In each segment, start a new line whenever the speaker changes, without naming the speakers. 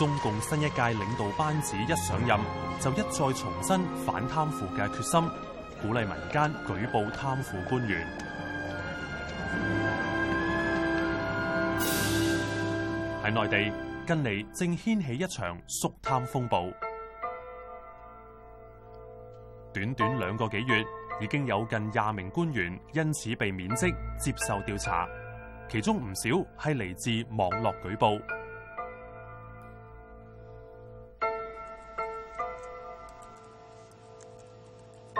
中共新一屆領導班子一上任，就一再重申反貪腐嘅決心，鼓勵民間舉報貪腐官員。喺內地，近嚟，正掀起一場肅貪風暴。短短兩個幾月，已經有近廿名官員因此被免職接受調查，其中唔少係嚟自網絡舉報。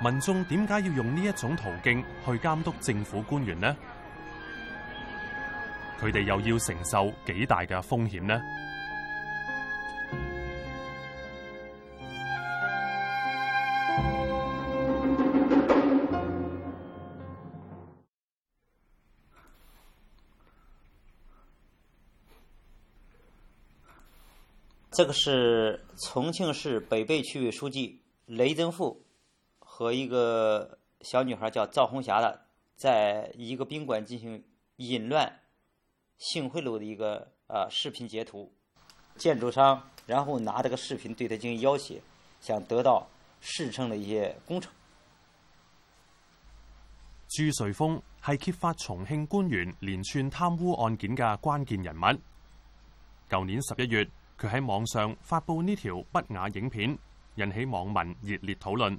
民眾點解要用呢一種途徑去監督政府官員呢？佢哋又要承受幾大嘅風險呢？
這個是重慶市北碚區委書記雷政富。和一個小女孩叫趙紅霞的，在一個賓館進行淫亂、性賄賂的一個啊視頻截圖，建築商然後拿這個視頻對他進行要挾，想得到市城的一
些工程。朱瑞峰係揭發重慶官員連串貪污案件嘅關鍵人物。舊年十一月，佢喺網上發布呢條不雅影片，引起網民熱烈討論。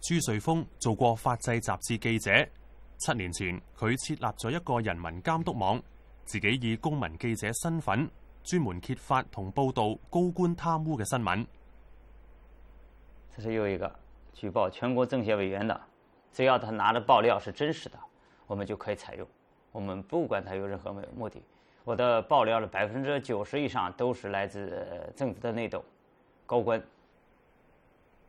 朱瑞峰做過法制雜誌記者，七年前佢設立咗一個人民監督網，自己以公民記者身份，專門揭發同報道高官貪污嘅新聞。這是又一個舉報全
國政協委員的，只要他拿的爆料是真實的，我們就可以採用。我們不管他有任何目的，我的爆料的百分之九十以上都是來自政府的內鬥，高官。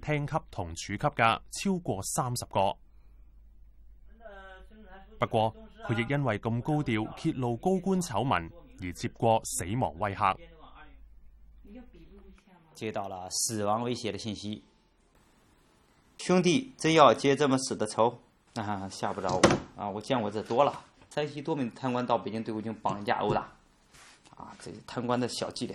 廳級同處級噶，超過三十個。不過佢亦因為咁高調揭露高官醜聞而接過死亡威嚇，
接到了死亡威脅嘅信息。兄弟，真要接這麼死的仇啊！嚇不着我啊！我見過這多了。山西多名貪官到北京對武警綁架毆打，啊，這貪官的小伎倆。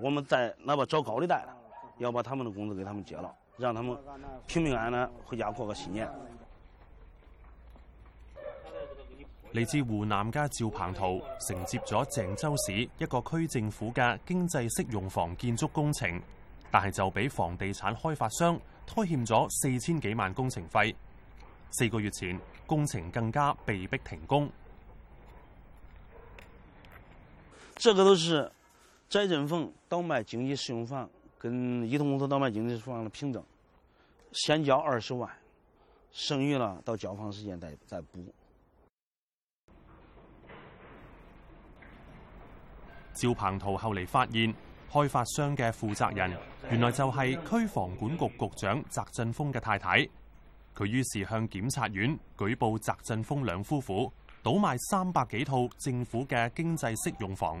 我們在那邊找高利貸，要把他們的工資給他們結了，讓他們平平安安回家過個
新年。來自湖南家趙鵬圖承接咗鄭州市一個區政府嘅經濟適用房建築工程，但係就俾房地產開發商拖欠咗四千幾萬工程費。四個月前，工程更加被迫停工。這個都是。翟振峰倒賣經濟適
用房跟一通公司倒賣經濟適用房的憑證，先交二十萬，
剩
餘了到交房時間再再補。
趙鵬圖後嚟發現，開發商嘅負責人原來就係區房管局局局長翟振峰嘅太太，佢於是向檢察院舉報翟振峰兩夫婦倒賣三百幾套政府嘅經濟適用房。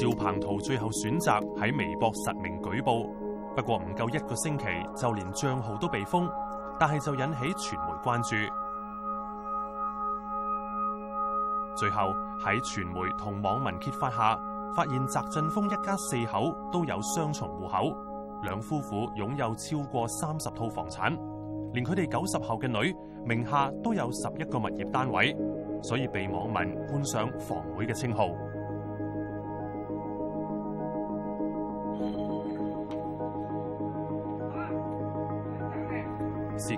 趙鵬圖最後選擇喺微博實名舉報，不過唔夠一個星期，就連賬號都被封，但係就引起傳媒關注。最後喺傳媒同網民揭發下，發現翟振峰一家四口都有雙重戶口，兩夫婦擁有超過三十套房產，連佢哋九十後嘅女名下都有十一個物業單位，所以被網民冠上房會嘅稱號。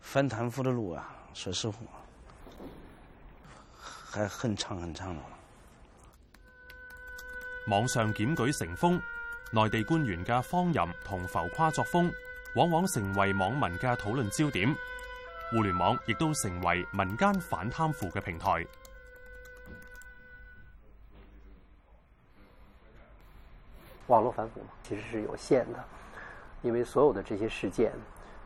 反貪腐的路啊，說
實話，還很長很長呢。網上檢舉成風，內地官員嘅荒淫同浮誇作風，往往成為網民嘅討論焦點。互聯網亦都成為民間反貪腐嘅平台。網絡反腐其實是有限的，因為所有的這些事件。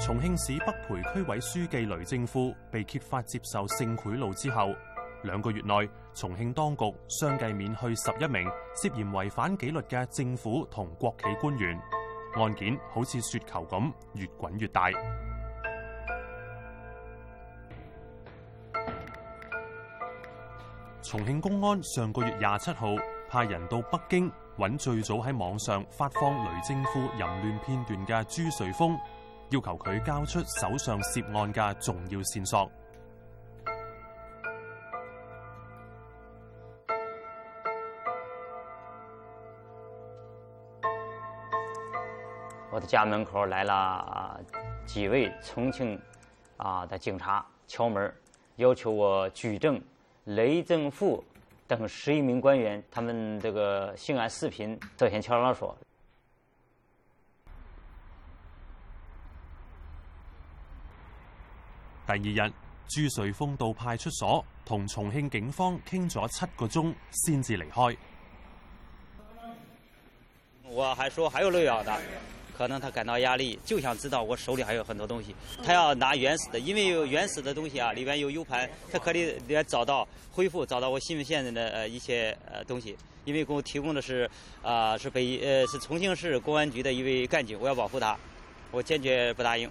重慶市北碚區委書記雷政富被揭發接受性賄賂之後，兩個月內，重慶當局相繼免去十一名涉嫌違反紀律嘅政府同國企官員。案件好似雪球咁越滾越大。重慶公安上個月廿七號派人到北京揾最早喺網上發放雷政富淫亂片段嘅朱瑞峰。要求佢交出手上涉案嘅重要線索。
我的家門口來了幾位重慶啊的警察，敲門要求我舉證雷政富等十一名官員，他們這個性愛視頻涉嫌敲詐勒索。
第二日，朱瑞峰到派出所同重慶警方傾咗七個鐘，先至離開。
我還說還有漏要的，可能他感到壓力，就想知道我手裏還有很多東西，他要拿原始的，因為有原始的東西啊，裏面有 U 盤，他可以裏面找到恢復，找到我新聞線人的呃一些呃東西。因為給我提供的是啊是北呃是重慶市公安局的一位幹警，我要保護他，我堅決不答應。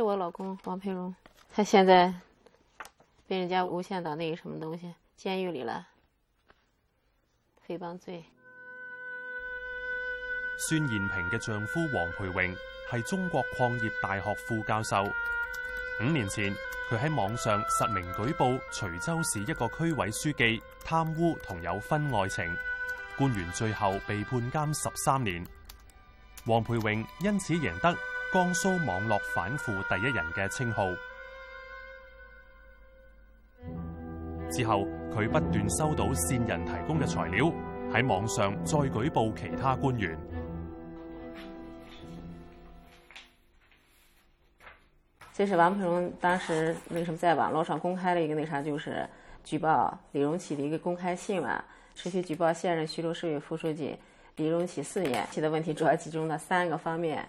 是我老公王培榮，他現在被人家誣陷到那個什麼東西監獄裏了，誹謗罪。
孫延平嘅丈夫王培榮係中國礦業大學副教授。五年前，佢喺網上實名舉報徐州市一個區委書記貪污同有婚外情，官員最後被判監十三年。王培榮因此贏得江蘇網絡反腐第一人嘅稱號。之後佢不斷收到線人提供嘅材料，喺網上再舉報其他官員。
這是王培榮當時為什麼在網絡上公開了一個那啥，就是舉報李榮啟的一個公開信嘛。持續舉報現任徐州市委副書記李榮啟四年，其的問題主要集中喺三個方面。